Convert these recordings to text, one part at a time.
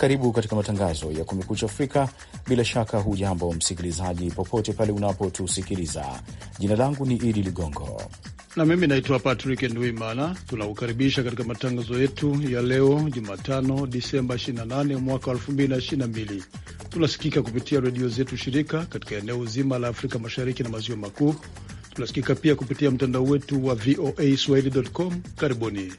Karibu katika matangazo ya Kumekucha Afrika. Bila shaka, hujambo msikilizaji, popote pale unapotusikiliza. Jina langu ni Idi Ligongo na mimi naitwa Patrick nduimana Tunakukaribisha katika matangazo yetu ya leo Jumatano, Disemba 28 mwaka 2022. Tunasikika kupitia redio zetu shirika katika eneo zima la Afrika Mashariki na Maziwa Makuu. Tunasikika pia kupitia mtandao wetu wa VOA swahili.com. Karibuni.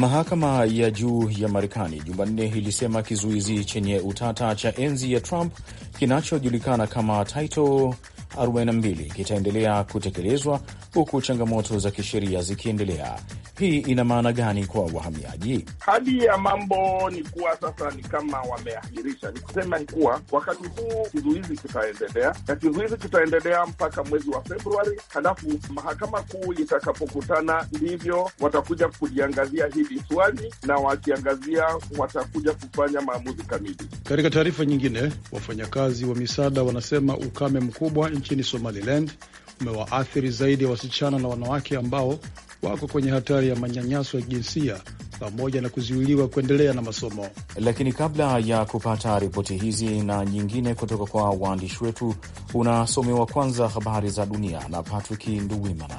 Mahakama ya juu ya Marekani Jumanne ilisema kizuizi chenye utata cha enzi ya Trump kinachojulikana kama Title 42 kitaendelea kutekelezwa huku changamoto za kisheria zikiendelea. Hii ina maana gani kwa wahamiaji? Hali ya mambo ni kuwa sasa ni kama wameahirisha, ni kusema ni kuwa wakati huu kizuizi kitaendelea na kizuizi kitaendelea mpaka mwezi wa Februari, halafu mahakama kuu itakapokutana ndivyo watakuja kuliangazia hili swali, na wakiangazia watakuja kufanya maamuzi kamili. Katika taarifa nyingine, wafanyakazi wa misaada wanasema ukame mkubwa nchini Somaliland umewaathiri zaidi ya wasichana na wanawake ambao wako kwenye hatari ya manyanyaso ya kijinsia pamoja na kuzuiliwa kuendelea na masomo. Lakini kabla ya kupata ripoti hizi na nyingine kutoka kwa waandishi wetu, unasomewa kwanza habari za dunia na Patrick Nduwimana.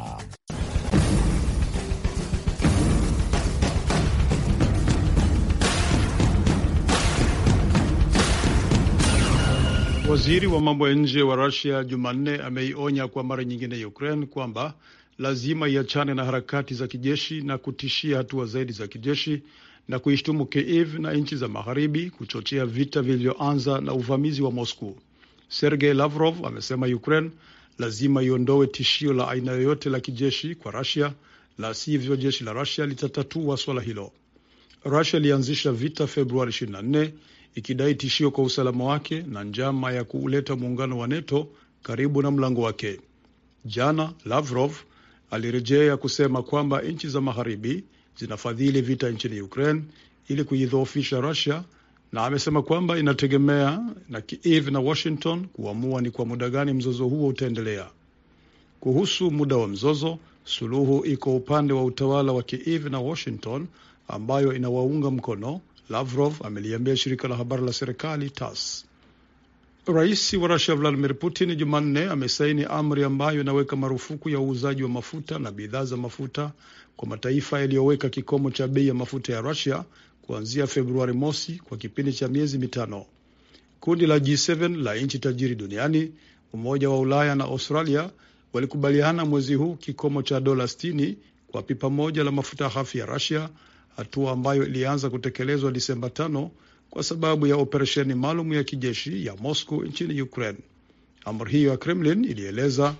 Waziri wa mambo ya nje wa Rusia Jumanne ameionya kwa mara nyingine ya Ukraine kwamba lazima iachane na harakati za kijeshi na kutishia hatua zaidi za kijeshi na kuishtumu Kiev na nchi za magharibi kuchochea vita vilivyoanza na uvamizi wa Moscow. Sergei Lavrov amesema Ukraine lazima iondoe tishio la aina yoyote la kijeshi kwa Russia, la sivyo jeshi la Russia litatatua swala hilo. Russia ilianzisha vita Februari 24 ikidai tishio kwa usalama wake na njama ya kuleta muungano wa NATO karibu na mlango wake. Jana Lavrov Alirejea kusema kwamba nchi za magharibi zinafadhili vita nchini Ukraine ili kuidhoofisha Russia na amesema kwamba inategemea na Kiev na Washington kuamua ni kwa muda gani mzozo huo utaendelea. Kuhusu muda wa mzozo, suluhu iko upande wa utawala wa Kiev na Washington ambayo inawaunga mkono, Lavrov ameliambia shirika la habari la serikali TASS. Rais wa Rusia Vladimir Putin Jumanne amesaini amri ambayo inaweka marufuku ya uuzaji wa mafuta na bidhaa za mafuta kwa mataifa yaliyoweka kikomo cha bei ya mafuta ya Rusia kuanzia Februari mosi kwa kipindi cha miezi mitano. Kundi la G7 la nchi tajiri duniani, Umoja wa Ulaya na Australia walikubaliana mwezi huu kikomo cha dola 60 kwa pipa moja la mafuta hafi ya Rusia, hatua ambayo ilianza kutekelezwa Disemba tano kwa sababu ya operesheni maalum ya kijeshi ya Moscow nchini Ukraine. Amri hiyo ya Kremlin ilieleza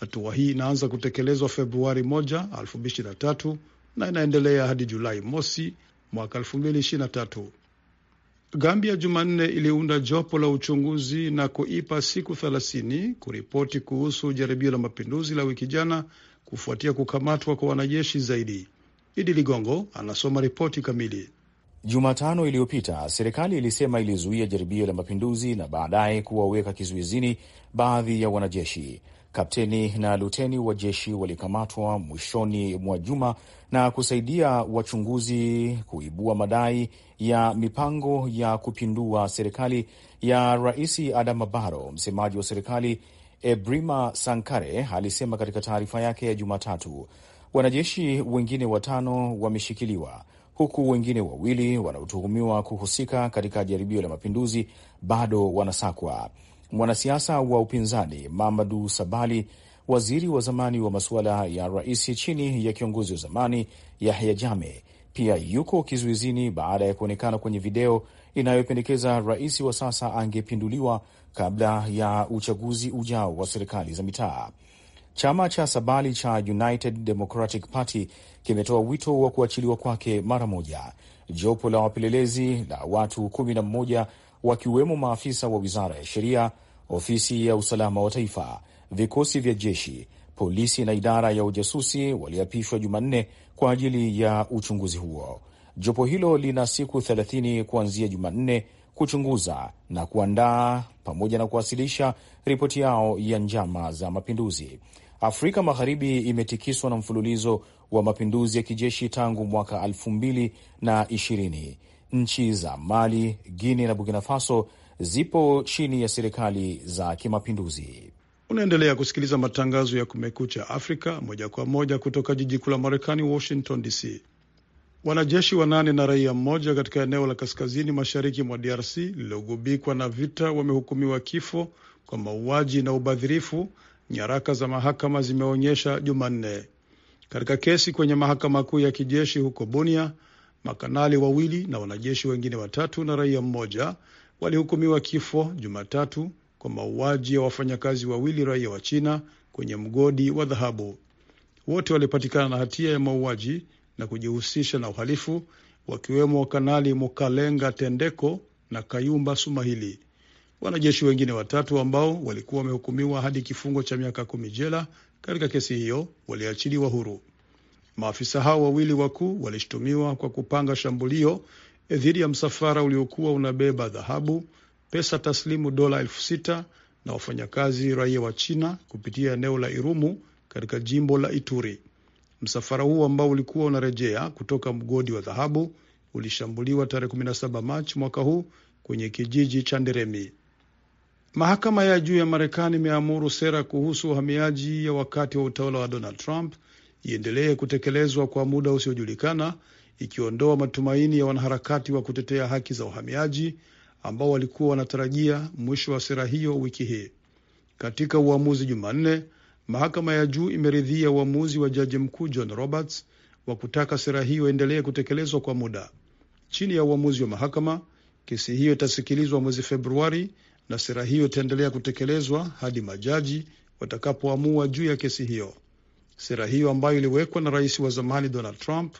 hatua hii inaanza kutekelezwa Februari 1, 2023 na inaendelea hadi Julai mosi mwaka 2023. Gambia Jumanne iliunda jopo la uchunguzi na kuipa siku 30 kuripoti kuhusu jaribio la mapinduzi la wiki jana kufuatia kukamatwa kwa wanajeshi zaidi. Idi Ligongo anasoma ripoti kamili. Jumatano iliyopita serikali ilisema ilizuia jaribio la mapinduzi na baadaye kuwaweka kizuizini baadhi ya wanajeshi. Kapteni na luteni wa jeshi walikamatwa mwishoni mwa juma na kusaidia wachunguzi kuibua madai ya mipango ya kupindua serikali ya Rais Adama Barrow. Msemaji wa serikali Ebrima Sankare alisema katika taarifa yake ya Jumatatu wanajeshi wengine watano wameshikiliwa huku wengine wawili wanaotuhumiwa kuhusika katika jaribio la mapinduzi bado wanasakwa. Mwanasiasa wa upinzani Mamadu Sabali, waziri wa zamani wa masuala ya rais chini ya kiongozi wa zamani Yahya Jame, pia yuko kizuizini baada ya kuonekana kwenye video inayopendekeza rais wa sasa angepinduliwa kabla ya uchaguzi ujao wa serikali za mitaa. Chama cha Sabali cha United Democratic Party kimetoa wito wa kuachiliwa kwake mara moja. Jopo la wapelelezi la watu kumi na mmoja wakiwemo maafisa wa wizara ya sheria, ofisi ya usalama wa taifa, vikosi vya jeshi, polisi na idara ya ujasusi waliapishwa Jumanne kwa ajili ya uchunguzi huo. Jopo hilo lina siku 30 kuanzia Jumanne kuchunguza na kuandaa pamoja na kuwasilisha ripoti yao ya njama za mapinduzi. Afrika Magharibi imetikiswa na mfululizo wa mapinduzi ya kijeshi tangu mwaka elfu mbili na ishirini. Nchi za Mali, Guinea na Burkina Faso zipo chini ya serikali za kimapinduzi. Unaendelea kusikiliza matangazo ya Kumekucha Afrika moja kwa moja kutoka jiji kuu la Marekani, Washington DC. Wanajeshi wanane na raia mmoja katika eneo la kaskazini mashariki mwa DRC lililogubikwa na vita wamehukumiwa kifo kwa mauaji na ubadhirifu nyaraka za mahakama zimeonyesha Jumanne. Katika kesi kwenye mahakama kuu ya kijeshi huko Bunia, makanali wawili na wanajeshi wengine watatu na raia mmoja walihukumiwa kifo Jumatatu kwa mauaji ya wafanyakazi wawili raia wa China kwenye mgodi wa dhahabu. Wote walipatikana na hatia ya mauaji na kujihusisha na uhalifu, wakiwemo Kanali Mukalenga Tendeko na Kayumba Sumahili. Wanajeshi wengine watatu ambao walikuwa wamehukumiwa hadi kifungo cha miaka kumi jela katika kesi hiyo waliachiliwa huru. Maafisa hao wawili wakuu walishutumiwa kwa kupanga shambulio eh, dhidi ya msafara uliokuwa unabeba dhahabu, pesa taslimu dola elfu sita na wafanyakazi raia wa China kupitia eneo la Irumu katika jimbo la Ituri. Msafara huo ambao ulikuwa unarejea kutoka mgodi wa dhahabu ulishambuliwa tarehe 17 Machi mwaka huu kwenye kijiji cha Nderemi. Mahakama ya juu ya Marekani imeamuru sera kuhusu uhamiaji ya wakati wa utawala wa Donald Trump iendelee kutekelezwa kwa muda usiojulikana, ikiondoa matumaini ya wanaharakati wa kutetea haki za uhamiaji ambao walikuwa wanatarajia mwisho wa sera hiyo wiki hii. Katika uamuzi Jumanne, mahakama ya juu imeridhia uamuzi wa jaji mkuu John Roberts wa kutaka sera hiyo endelee kutekelezwa kwa muda. Chini ya uamuzi wa mahakama, kesi hiyo itasikilizwa mwezi Februari na sera hiyo itaendelea kutekelezwa hadi majaji watakapoamua juu ya kesi hiyo. Sera hiyo ambayo iliwekwa na rais wa zamani Donald Trump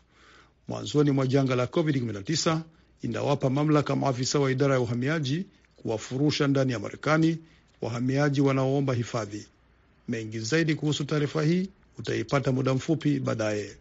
mwanzoni mwa janga la COVID-19 inawapa mamlaka maafisa wa idara ya uhamiaji kuwafurusha ndani ya Marekani wahamiaji wanaoomba hifadhi. Mengi zaidi kuhusu taarifa hii utaipata muda mfupi baadaye.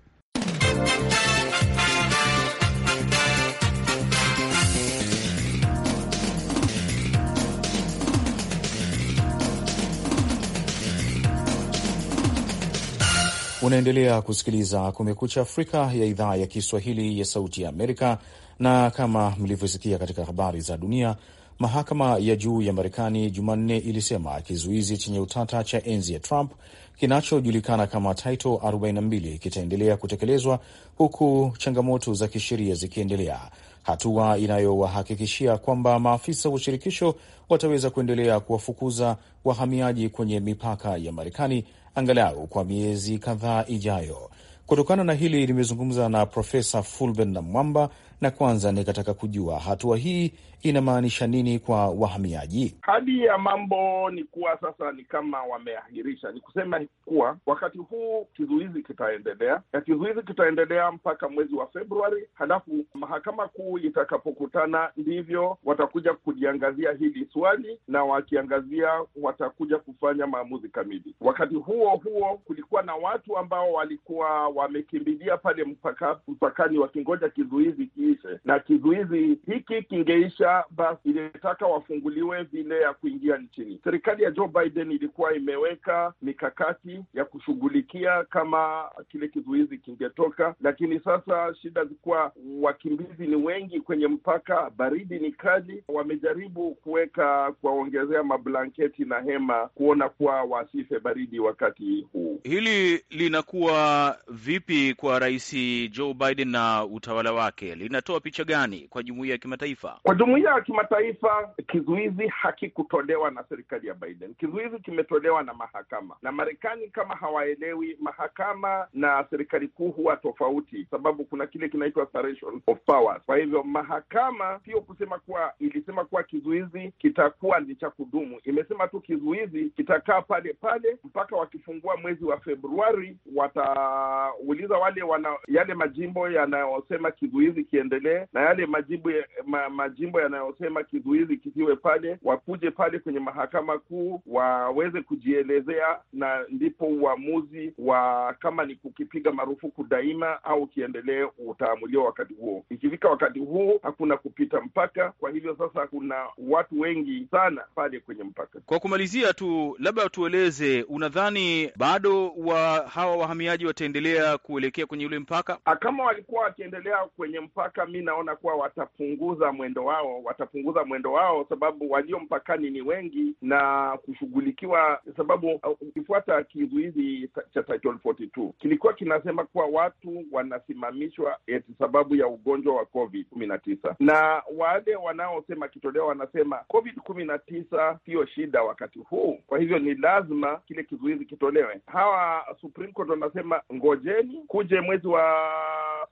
Unaendelea kusikiliza Kumekucha Afrika ya idhaa ya Kiswahili ya Sauti ya Amerika, na kama mlivyosikia katika habari za dunia, mahakama ya juu ya Marekani Jumanne ilisema kizuizi chenye utata cha enzi ya Trump kinachojulikana kama Title 42 kitaendelea kutekelezwa huku changamoto za kisheria zikiendelea, hatua inayowahakikishia kwamba maafisa wa shirikisho wataweza kuendelea kuwafukuza wahamiaji kwenye mipaka ya Marekani angalau kwa miezi kadhaa ijayo. Kutokana na hili, nimezungumza na Profesa Fulben na Mwamba na kwanza nikataka kujua hatua hii inamaanisha nini kwa wahamiaji? Hali ya mambo ni kuwa sasa ni kama wameahirisha, ni kusema kuwa wakati huu kizuizi kitaendelea na kizuizi kitaendelea mpaka mwezi wa Februari, halafu mahakama kuu itakapokutana ndivyo watakuja kujiangazia hili swali, na wakiangazia watakuja kufanya maamuzi kamili. Wakati huo huo, kulikuwa na watu ambao walikuwa wamekimbilia pale mpaka, mpakani wakingoja kizuizi ki kizuizi, na kizuizi hiki kingeisha, basi ilitaka wafunguliwe vile ya kuingia nchini. Serikali ya Joe Biden ilikuwa imeweka mikakati ya kushughulikia kama kile kizuizi kingetoka, lakini sasa shida zikuwa wakimbizi ni wengi kwenye mpaka, baridi ni kali. Wamejaribu kuweka kuwaongezea mablanketi na hema, kuona kuwa wasife baridi wakati huu. Hili linakuwa vipi kwa Rais Joe Biden na utawala wake lina inatoa picha gani kwa jumuiya ya kimataifa? Kwa jumuiya ya kimataifa, kizuizi hakikutolewa na serikali ya Biden. Kizuizi kimetolewa na mahakama, na Marekani kama hawaelewi, mahakama na serikali kuu huwa tofauti, sababu kuna kile kinaitwa separation of powers. Kwa hivyo mahakama sio kusema kuwa ilisema kuwa kizuizi kitakuwa ni cha kudumu, imesema tu kizuizi kitakaa pale pale mpaka wakifungua mwezi wa Februari, watauliza wale wana yale majimbo yanayosema kizuizi kien yaendelee, na yale majibu ya, ma, majimbo yanayosema kizuizi kisiwe pale, wakuje pale kwenye mahakama kuu waweze kujielezea, na ndipo uamuzi wa kama ni kukipiga marufuku daima au kiendelee utaamuliwa wakati huo. Ikifika wakati huo, hakuna kupita mpaka. Kwa hivyo sasa, kuna watu wengi sana pale kwenye mpaka. Kwa kumalizia tu, labda tueleze, unadhani bado wa hawa wahamiaji wataendelea kuelekea kwenye ule mpaka? Ah, kama walikuwa wakiendelea kwenye mpaka mpaka mi naona kuwa watapunguza mwendo wao, watapunguza mwendo wao sababu walio mpakani ni wengi na kushughulikiwa, sababu ukifuata kizuizi cha Title 42 kilikuwa kinasema kuwa watu wanasimamishwa eti sababu ya ugonjwa wa COVID kumi na tisa, na wale wanaosema kitolewa wanasema COVID kumi na tisa siyo shida wakati huu, kwa hivyo ni lazima kile kizuizi kitolewe. Hawa Supreme Court wanasema ngojeni kuje mwezi wa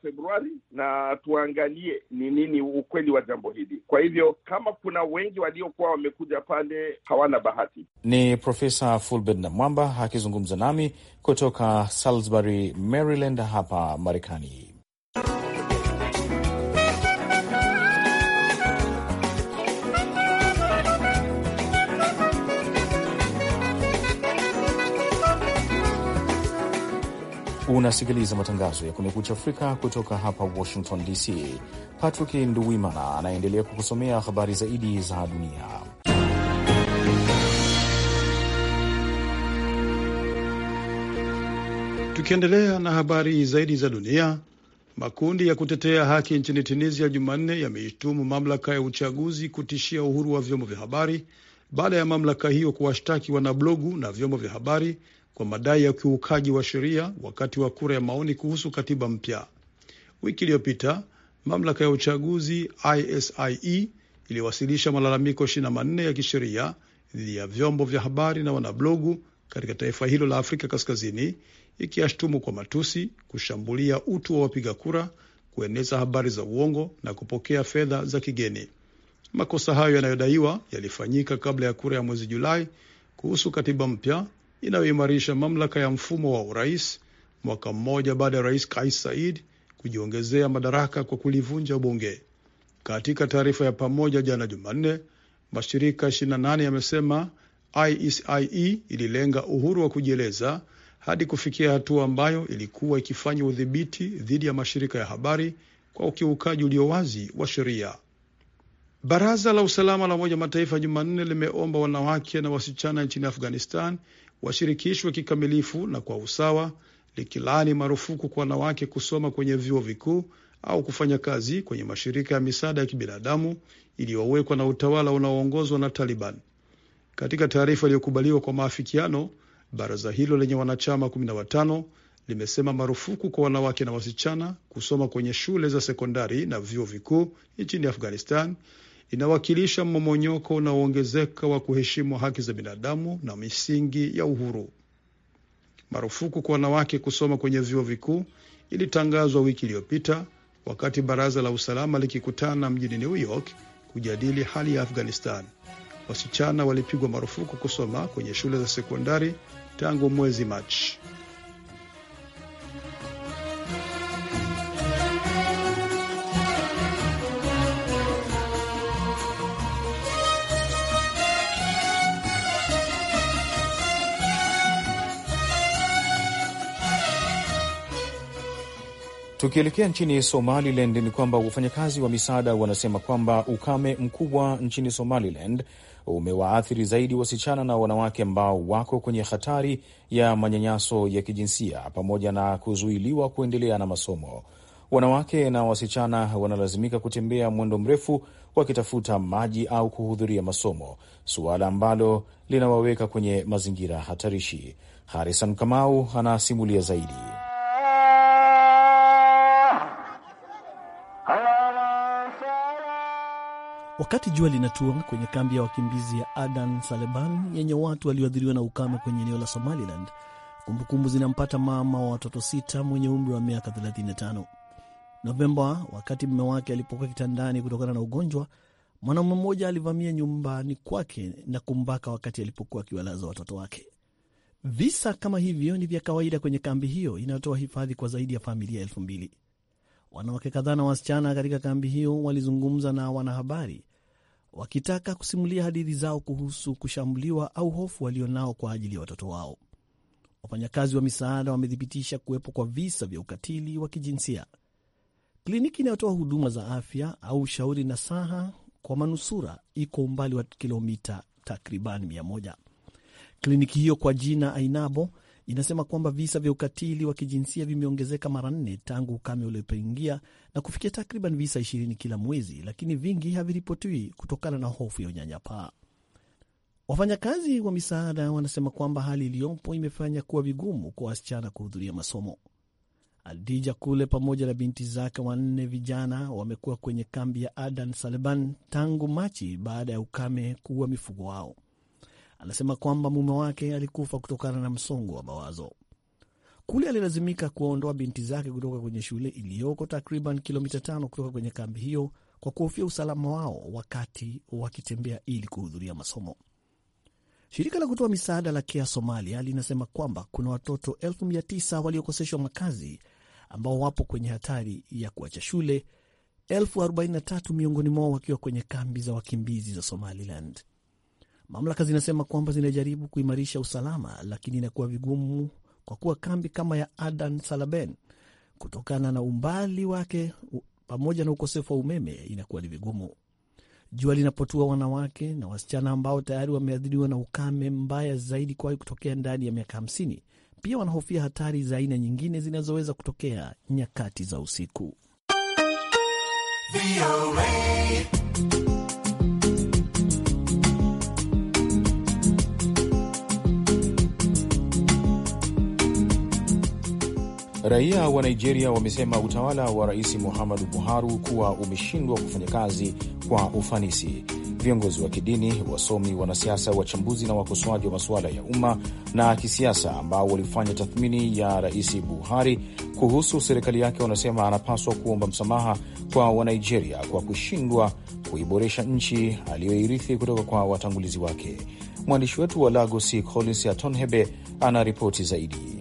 Februari na tuang tuangalie ni nini ukweli wa jambo hili. Kwa hivyo kama kuna wengi waliokuwa wamekuja pale hawana bahati. Ni Profesa Fulbert Namwamba akizungumza nami kutoka Salisbury, Maryland hapa Marekani. Unasikiliza matangazo ya Kumekucha Afrika kutoka hapa Washington DC. Patrick Nduwimana anaendelea kukusomea habari zaidi za dunia. Tukiendelea na habari zaidi za dunia, makundi ya kutetea haki nchini Tunisia Jumanne yameitumu mamlaka ya uchaguzi kutishia uhuru wa vyombo vya habari baada ya mamlaka hiyo kuwashtaki wanablogu na vyombo vya habari kwa madai ya ukiukaji wa sheria wakati wa kura ya maoni kuhusu katiba mpya. Wiki iliyopita mamlaka ya uchaguzi ISIE iliwasilisha malalamiko 24 ya kisheria dhidi ya vyombo vya habari na wanablogu katika taifa hilo la Afrika Kaskazini, ikiyashtumu kwa matusi, kushambulia utu wa wapiga kura, kueneza habari za uongo na kupokea fedha za kigeni. Makosa hayo yanayodaiwa yalifanyika kabla ya kura ya mwezi Julai kuhusu katiba mpya inayoimarisha mamlaka ya mfumo wa urais mwaka mmoja baada ya rais Kais Said kujiongezea madaraka kwa kulivunja bunge. Katika taarifa ya pamoja jana Jumanne, mashirika 28 yamesema ISIE ililenga uhuru wa kujieleza hadi kufikia hatua ambayo ilikuwa ikifanya udhibiti dhidi ya mashirika ya habari kwa ukiukaji ulio wazi wa sheria. Baraza la usalama la Umoja Mataifa Jumanne limeomba wanawake na wasichana nchini Afghanistan washirikishwe kikamilifu na kwa usawa, likilaani marufuku kwa wanawake kusoma kwenye vyuo vikuu au kufanya kazi kwenye mashirika ya misaada ya kibinadamu iliyowekwa na utawala unaoongozwa na Taliban. Katika taarifa iliyokubaliwa kwa maafikiano, baraza hilo lenye wanachama 15 limesema marufuku kwa wanawake na wasichana kusoma kwenye shule za sekondari na vyuo vikuu nchini Afghanistan inawakilisha mmomonyoko unaoongezeka wa kuheshimu haki za binadamu na misingi ya uhuru. Marufuku kwa wanawake kusoma kwenye vyuo vikuu ilitangazwa wiki iliyopita wakati baraza la usalama likikutana mjini New York kujadili hali ya Afghanistan. Wasichana walipigwa marufuku kusoma kwenye shule za sekondari tangu mwezi Machi. Tukielekea nchini Somaliland ni kwamba wafanyakazi wa misaada wanasema kwamba ukame mkubwa nchini Somaliland umewaathiri zaidi wasichana na wanawake ambao wako kwenye hatari ya manyanyaso ya kijinsia pamoja na kuzuiliwa kuendelea na masomo. Wanawake na wasichana wanalazimika kutembea mwendo mrefu wakitafuta maji au kuhudhuria masomo, suala ambalo linawaweka kwenye mazingira hatarishi. harisan Kamau anasimulia zaidi. Wakati jua linatua kwenye kambi ya wakimbizi ya Adan Saleban yenye watu walioathiriwa na ukame kwenye eneo la Somaliland, kumbukumbu zinampata mama wa watoto sita mwenye umri wa miaka 35. Novemba, wakati mume wake alipokuwa kitandani kutokana na ugonjwa, mwanaume mmoja alivamia nyumbani kwake na kumbaka wakati alipokuwa akiwalaza watoto wake. Visa kama hivyo ni vya kawaida kwenye kambi hiyo inayotoa hifadhi kwa zaidi ya familia elfu mbili. Wanawake kadhaa na wasichana katika kambi hiyo walizungumza na wanahabari wakitaka kusimulia hadithi zao kuhusu kushambuliwa au hofu walionao kwa ajili ya watoto wao. Wafanyakazi wa misaada wamethibitisha kuwepo kwa visa vya ukatili wa kijinsia. Kliniki inayotoa huduma za afya au ushauri na saha kwa manusura iko umbali wa kilomita takriban mia moja. Kliniki hiyo kwa jina Ainabo inasema kwamba visa vya ukatili wa kijinsia vimeongezeka mara nne tangu ukame ulipoingia na kufikia takriban visa ishirini kila mwezi, lakini vingi haviripotiwi kutokana na hofu ya unyanyapaa. Wafanyakazi wa misaada wanasema kwamba hali iliyopo imefanya kuwa vigumu kwa wasichana kuhudhuria masomo. Adija Kule pamoja na binti zake wanne vijana wamekuwa kwenye kambi ya Adan Saliban tangu Machi baada ya ukame kuua mifugo wao. Anasema kwamba mume wake alikufa kutokana na msongo wa mawazo. Kule alilazimika kuwaondoa binti zake kutoka kwenye shule iliyoko takriban kilomita tano kutoka kwenye kambi hiyo kwa kuhofia usalama wao wakati wakitembea ili kuhudhuria masomo. Shirika la kutoa misaada la Kea Somalia linasema kwamba kuna watoto elfu mia tisa waliokoseshwa makazi ambao wapo kwenye hatari ya kuacha shule, elfu arobaini na tatu miongoni mwao wakiwa kwenye kambi za wakimbizi za Somaliland. Mamlaka zinasema kwamba zinajaribu kuimarisha usalama, lakini inakuwa vigumu kwa kuwa kambi kama ya Adan Salaben, kutokana na umbali wake pamoja na ukosefu wa umeme, inakuwa ni vigumu. Jua linapotua, wanawake na wasichana ambao tayari wameathiriwa na ukame mbaya zaidi kuwahi kutokea ndani ya miaka hamsini pia wanahofia hatari za aina nyingine zinazoweza kutokea nyakati za usiku. Raia wa Nigeria wamesema utawala wa Rais Muhammadu Buhari kuwa umeshindwa kufanya kazi kwa ufanisi. Viongozi wa kidini, wasomi, wanasiasa, wachambuzi na wakosoaji wa masuala ya umma na kisiasa ambao walifanya tathmini ya Rais Buhari kuhusu serikali yake wanasema anapaswa kuomba msamaha kwa Wanigeria kwa kushindwa kuiboresha nchi aliyoirithi kutoka kwa watangulizi wake. Mwandishi wetu wa lagosi Collins Atonhebe ana ripoti zaidi.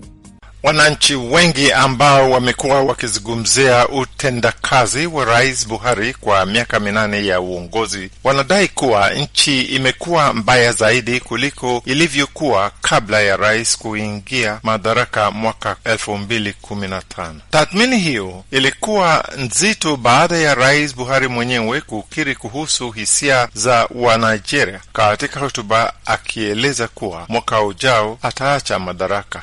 Wananchi wengi ambao wamekuwa wakizungumzia utendakazi wa Rais Buhari kwa miaka minane ya uongozi wanadai kuwa nchi imekuwa mbaya zaidi kuliko ilivyokuwa kabla ya rais kuingia madaraka mwaka elfu mbili kumi na tano. Tathmini hiyo ilikuwa nzito baada ya Rais Buhari mwenyewe kukiri kuhusu hisia za Wanigeria katika hotuba, akieleza kuwa mwaka ujao ataacha madaraka.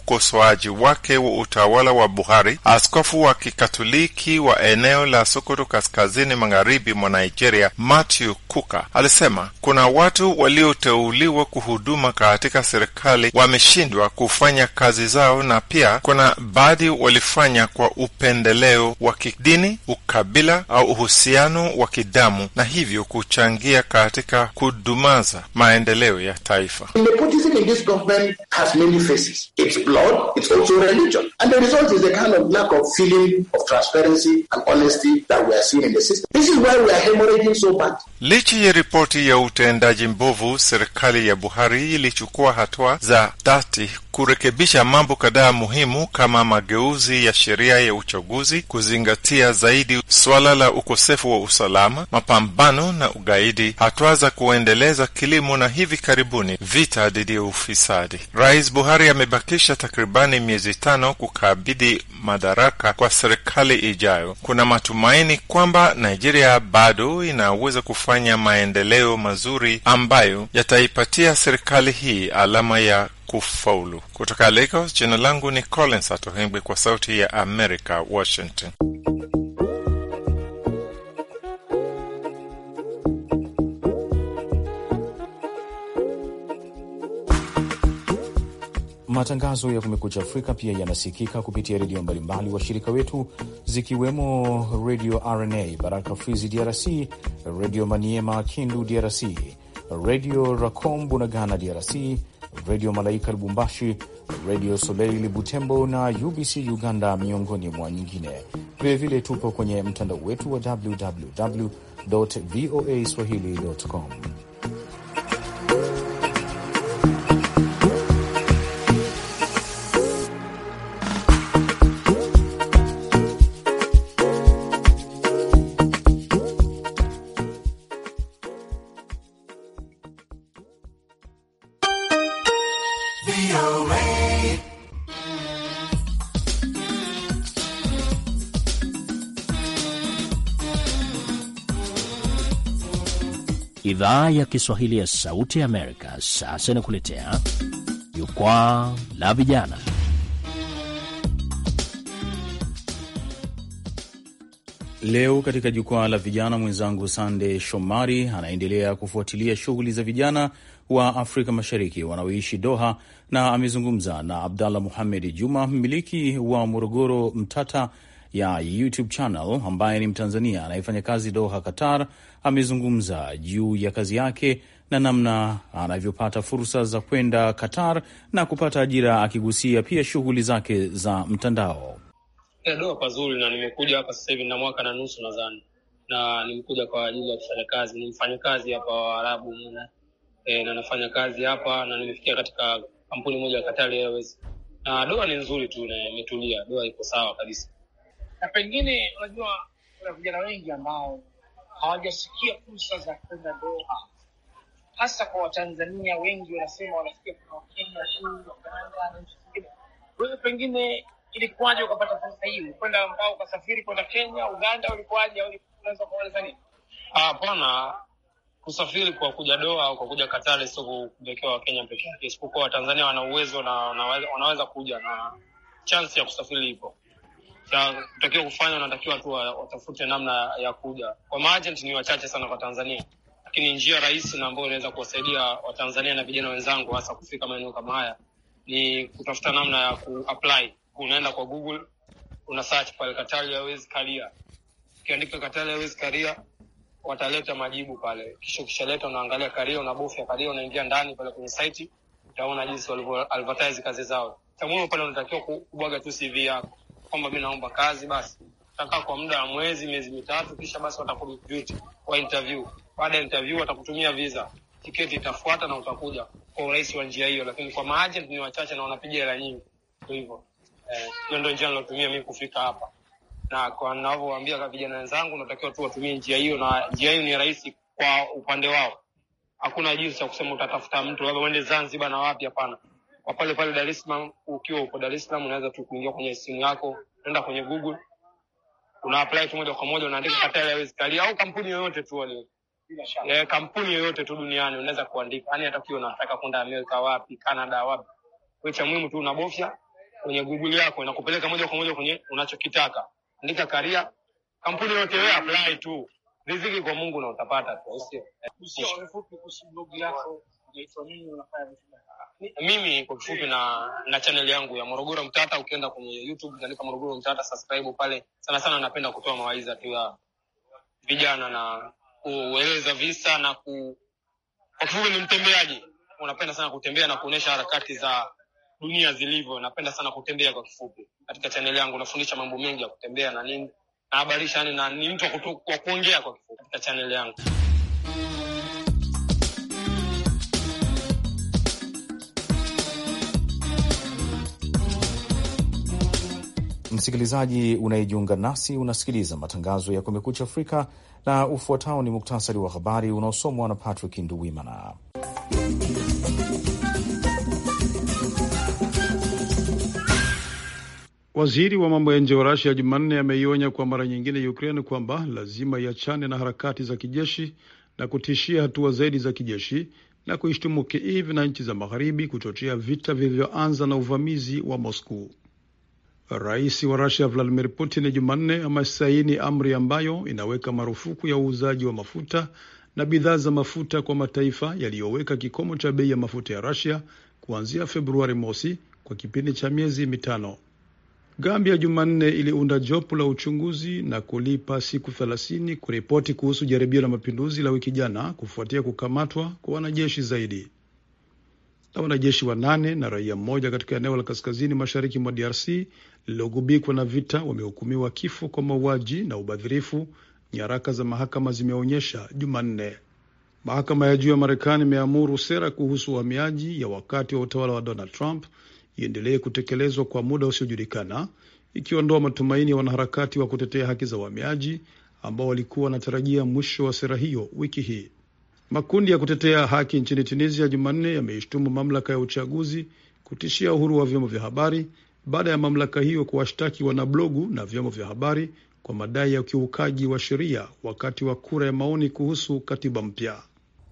ukosoaji wake wa utawala wa Buhari, askofu wa kikatoliki wa eneo la Sokoto kaskazini magharibi mwa Nigeria, Matthew Kuka alisema kuna watu walioteuliwa kuhuduma katika serikali wameshindwa kufanya kazi zao, na pia kuna baadhi walifanya kwa upendeleo wa kidini, ukabila au uhusiano wa kidamu, na hivyo kuchangia katika kudumaza maendeleo ya taifa. flawed, it's also religion. And the result is the kind of lack of feeling of transparency and honesty that we are seeing in the system. This is why we are hemorrhaging so bad. Licha ya ripoti ya utendaji mbovu, serikali ya Buhari ilichukua hatua za dhati kurekebisha mambo kadhaa muhimu kama mageuzi ya sheria ya uchaguzi, kuzingatia zaidi swala la ukosefu wa usalama, mapambano na ugaidi, hatua za kuendeleza kilimo na hivi karibuni vita dhidi ya ufisadi. Rais Buhari amebakisha takribani miezi tano kukabidhi madaraka kwa serikali ijayo. Kuna matumaini kwamba Nigeria bado inaweza kufanya maendeleo mazuri ambayo yataipatia serikali hii alama ya kufaulu. Kutoka Lagos, jina langu ni Collins Atohengwi, kwa Sauti ya america Washington. Matangazo ya Kumekucha Afrika pia yanasikika kupitia redio mbalimbali washirika wetu, zikiwemo Redio RNA Baraka Fizi DRC, Redio Maniema Kindu DRC, Redio Racom Bunagana DRC, Redio Malaika Lubumbashi, Redio Soleil Butembo na UBC Uganda, miongoni mwa nyingine. Vilevile tupo kwenye mtandao wetu wa www voa swahili.com. Idhaa ya Kiswahili ya Sauti ya Amerika sasa inakuletea Jukwaa la Vijana. Leo katika Jukwaa la Vijana, mwenzangu Sande Shomari anaendelea kufuatilia shughuli za vijana wa Afrika Mashariki wanaoishi Doha na amezungumza na Abdallah Muhamed Juma, mmiliki wa Morogoro Mtata ya YouTube channel ambaye ni Mtanzania anayefanya kazi Doha, Qatar, amezungumza juu ya kazi yake na namna anavyopata fursa za kwenda Qatar na kupata ajira, akigusia pia shughuli zake za mtandao. E, Doha pazuri, na nimekuja hapa sasa hivi na mwaka na nusu nadhani, na nimekuja kwa ajili ya kufanya kazi. Ni mfanyakazi hapa wa Arabu e, na nafanya kazi hapa na nimefikia katika kampuni moja ya Qatar Airways, na Doha ni nzuri tu na imetulia. Doha iko sawa kabisa na pengine, unajua kuna vijana wengi ambao hawajasikia fursa za kwenda Doha, hasa kwa Watanzania wengi wanasema wanasikia kuna Wakenya tu, Waganda na nchi zingine. Wewe pengine ilikuwaje ukapata fursa hiyo kwenda ambao ukasafiri kwenda Kenya, Uganda, ulikuwaje? Unaweza kueleza nini? Ah, hapana, kusafiri kwa kuja Doha au kwa kuja Katari sio kuwekewa Wakenya peke yake, isipokuwa Watanzania wana uwezo na wanaweza kuja na chansi ya kusafiri ipo cha kutakiwa kufanya, unatakiwa tu watafute namna ya kuja. Kwa maajenti ni wachache sana kwa Tanzania, lakini njia rahisi na ambayo inaweza kuwasaidia Watanzania na vijana wenzangu hasa kufika maeneo kama haya ni kutafuta namna ya kuapply. Unaenda kwa Google, una search pale Qatar Airways Career, ukiandika Qatar Airways Career wataleta majibu pale, kisha ukishaleta unaangalia karia unabofu ya karia unaingia ndani pale kwenye site, utaona jinsi walivyo advertise kazi zao. Tamuno pale unatakiwa kubwaga tu CV yako kwamba mi naomba kazi, basi takaa kwa muda wa mwezi, miezi mitatu, kisha basi watakurujuti kwa interview. Baada ya interview watakutumia visa, tiketi itafuata na utakuja kwa urahisi wa njia hiyo, lakini kwa maajenti ni wachache na wanapiga hela nyingi. Kwa hivyo eh, hiyo eh, ndio njia nilotumia mimi kufika hapa, na kwa ninavyowaambia kwa vijana wenzangu, natakiwa tu watumie njia hiyo, na njia hiyo ni rahisi kwa upande wao. Hakuna jinsi ya kusema utatafuta mtu labda uende Zanzibar na wapi, hapana wa pale pale Dar es Salaam. Ukiwa uko Dar es Salaam, unaweza tu kuingia kwenye simu yako, nenda kwenye Google, una apply tu moja kwa moja, unaandika Qatar Airways Career au kampuni yoyote tu wale Eh, kampuni yoyote tu duniani unaweza kuandika, yani hata ukiwa unataka kwenda Amerika wapi, Canada wapi, wewe cha muhimu tu unabofya kwenye Google yako inakupeleka moja kwa moja kwenye unachokitaka. Andika career, kampuni yoyote wewe apply tu, riziki kwa Mungu na utapata tu, sio? sio, yako mimi kwa kifupi na na channel yangu ya Morogoro Mtata, ukienda kwenye YouTube ukiandika Morogoro Mtata, subscribe pale. Sana sana napenda kutoa mawaidha tu ya vijana na kueleza visa na ku, kwa kifupi ni mtembeaji, unapenda sana kutembea na kuonesha harakati za dunia zilivyo. Napenda sana kutembea, kwa kifupi, katika channel yangu nafundisha mambo mengi ya kutembea na nini, nahabarisha yani, na ni mtu wa wa kuongea, kwa kifupi, katika channel yangu. Msikilizaji unayejiunga nasi, unasikiliza matangazo ya Kumekucha Afrika na ufuatao ni muktasari wa habari unaosomwa na Patrick Nduwimana. Waziri wa mambo ya nje wa Rasia Jumanne ameionya kwa mara nyingine Ukraine kwamba lazima iachane na harakati za kijeshi na kutishia hatua zaidi za kijeshi na kuishtumu Kiev na nchi za magharibi kuchochea vita vilivyoanza na uvamizi wa Moscow. Rais wa Rusia Vladimir Putin Jumanne amesaini amri ambayo inaweka marufuku ya uuzaji wa mafuta na bidhaa za mafuta kwa mataifa yaliyoweka kikomo cha bei ya mafuta ya Rusia kuanzia Februari mosi kwa kipindi cha miezi mitano. Gambia Jumanne iliunda jopo la uchunguzi na kulipa siku thelathini kuripoti kuhusu jaribio la mapinduzi la wiki jana kufuatia kukamatwa kwa wanajeshi zaidi na wanajeshi wanane na raia mmoja katika eneo la kaskazini mashariki mwa DRC lililogubikwa na vita wamehukumiwa kifo kwa mauaji na ubadhirifu, nyaraka za mahakama zimeonyesha Jumanne. Mahakama ya juu ya Marekani imeamuru sera kuhusu uhamiaji ya wakati wa utawala wa Donald Trump iendelee kutekelezwa kwa muda usiojulikana, ikiondoa matumaini ya wanaharakati wa kutetea haki za uhamiaji ambao walikuwa wanatarajia mwisho wa sera hiyo wiki hii. Makundi ya kutetea haki nchini Tunisia Jumanne yameishtumu mamlaka ya uchaguzi kutishia uhuru wa vyombo vya habari baada ya mamlaka hiyo kuwashtaki wanablogu na vyombo vya habari kwa madai ya ukiukaji wa sheria wakati wa kura ya maoni kuhusu katiba mpya.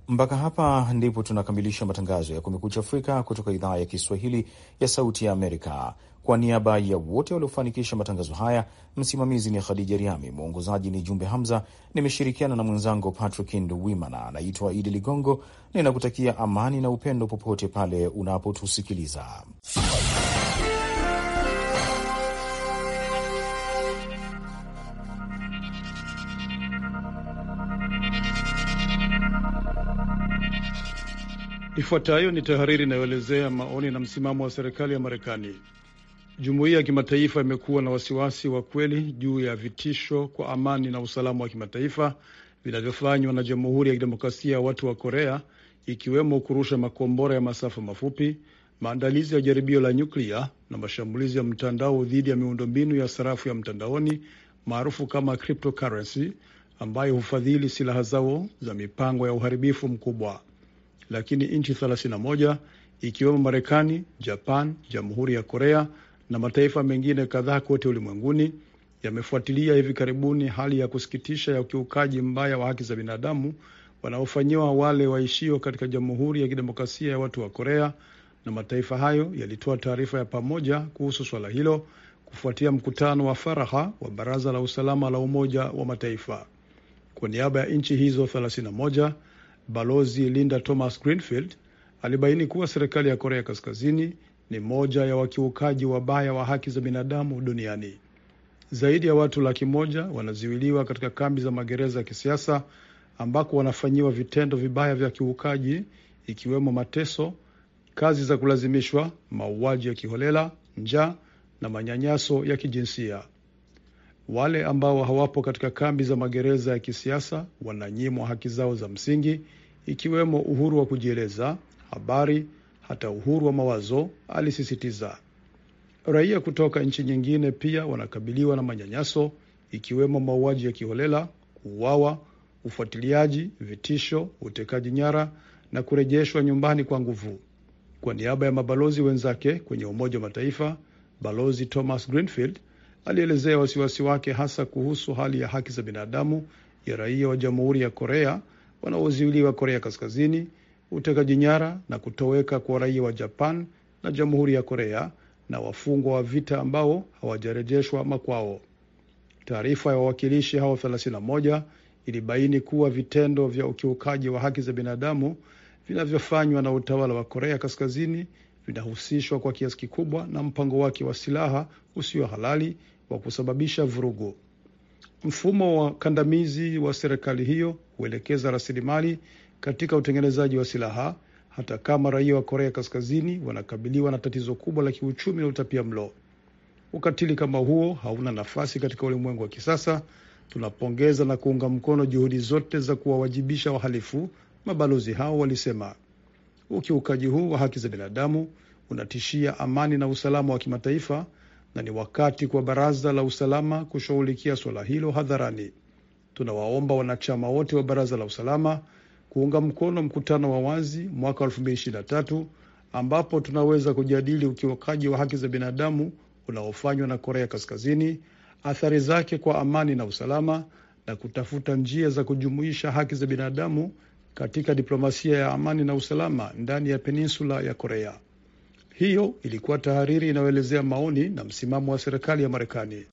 Mpaka hapa ndipo tunakamilisha matangazo ya Kumekucha Afrika kutoka idhaa ya Kiswahili ya Sauti ya Amerika. Kwa niaba ya wote waliofanikisha matangazo haya, msimamizi ni Khadija Riami, mwongozaji ni Jumbe Hamza. Nimeshirikiana na mwenzangu Patrick Nduwimana. Anaitwa Idi Ligongo, ninakutakia amani na upendo popote pale unapotusikiliza. Ifuatayo ni tahariri inayoelezea maoni na msimamo wa serikali ya Marekani. Jumuiya ya kimataifa imekuwa na wasiwasi wa kweli juu ya vitisho kwa amani na usalama wa kimataifa vinavyofanywa na Jamhuri ya Kidemokrasia ya Watu wa Korea, ikiwemo kurusha makombora ya masafa mafupi, maandalizi ya jaribio la nyuklia na mashambulizi ya mtandao dhidi ya miundombinu ya sarafu ya mtandaoni maarufu kama cryptocurrency, ambayo hufadhili silaha zao za mipango ya uharibifu mkubwa. Lakini nchi 31 ikiwemo Marekani, Japan, Jamhuri ya Korea na mataifa mengine kadhaa kote ulimwenguni yamefuatilia hivi karibuni hali ya kusikitisha ya ukiukaji mbaya wa haki za binadamu wanaofanyiwa wale waishio katika Jamhuri ya Kidemokrasia ya Watu wa Korea, na mataifa hayo yalitoa taarifa ya pamoja kuhusu swala hilo kufuatia mkutano wa faraha wa Baraza la Usalama la Umoja wa Mataifa. Kwa niaba ya nchi hizo 31, Balozi Linda Thomas Greenfield alibaini kuwa serikali ya Korea Kaskazini ni moja ya wakiukaji wabaya wa haki za binadamu duniani. Zaidi ya watu laki moja wanaziwiliwa katika kambi za magereza ya kisiasa ambako wanafanyiwa vitendo vibaya vya kiukaji ikiwemo mateso, kazi za kulazimishwa, mauaji ya kiholela, njaa na manyanyaso ya kijinsia. Wale ambao hawapo katika kambi za magereza ya kisiasa wananyimwa haki zao za msingi ikiwemo uhuru wa kujieleza, habari hata uhuru wa mawazo, alisisitiza. Raia kutoka nchi nyingine pia wanakabiliwa na manyanyaso, ikiwemo mauaji ya kiholela, kuuawa, ufuatiliaji, vitisho, utekaji nyara na kurejeshwa nyumbani kwa nguvu. Kwa niaba ya mabalozi wenzake kwenye Umoja wa Mataifa, Balozi Thomas Greenfield alielezea wasiwasi wake hasa kuhusu hali ya haki za binadamu ya raia wa Jamhuri ya Korea wanaozuiliwa Korea Kaskazini utekaji nyara na kutoweka kwa raia wa Japan na Jamhuri ya Korea na wafungwa wa vita ambao hawajarejeshwa makwao. Taarifa ya wawakilishi hao 31 ilibaini kuwa vitendo vya ukiukaji wa haki za binadamu vinavyofanywa na utawala wa Korea Kaskazini vinahusishwa kwa kiasi kikubwa na mpango wake wa silaha usio halali wa kusababisha vurugu. Mfumo wa kandamizi wa serikali hiyo huelekeza rasilimali katika utengenezaji wa silaha hata kama raia wa Korea Kaskazini wanakabiliwa na tatizo kubwa la kiuchumi na utapia mlo. Ukatili kama huo hauna nafasi katika ulimwengu wa kisasa. Tunapongeza na kuunga mkono juhudi zote za kuwawajibisha wahalifu, mabalozi hao walisema. Ukiukaji huu wa haki za binadamu unatishia amani na usalama wa kimataifa na ni wakati kwa Baraza la Usalama kushughulikia suala hilo hadharani. Tunawaomba wanachama wote wa Baraza la Usalama kuunga mkono mkutano wa wazi mwaka 2023 ambapo tunaweza kujadili ukiukaji wa haki za binadamu unaofanywa na Korea Kaskazini, athari zake kwa amani na usalama, na kutafuta njia za kujumuisha haki za binadamu katika diplomasia ya amani na usalama ndani ya peninsula ya Korea. Hiyo ilikuwa tahariri inayoelezea maoni na msimamo wa serikali ya Marekani.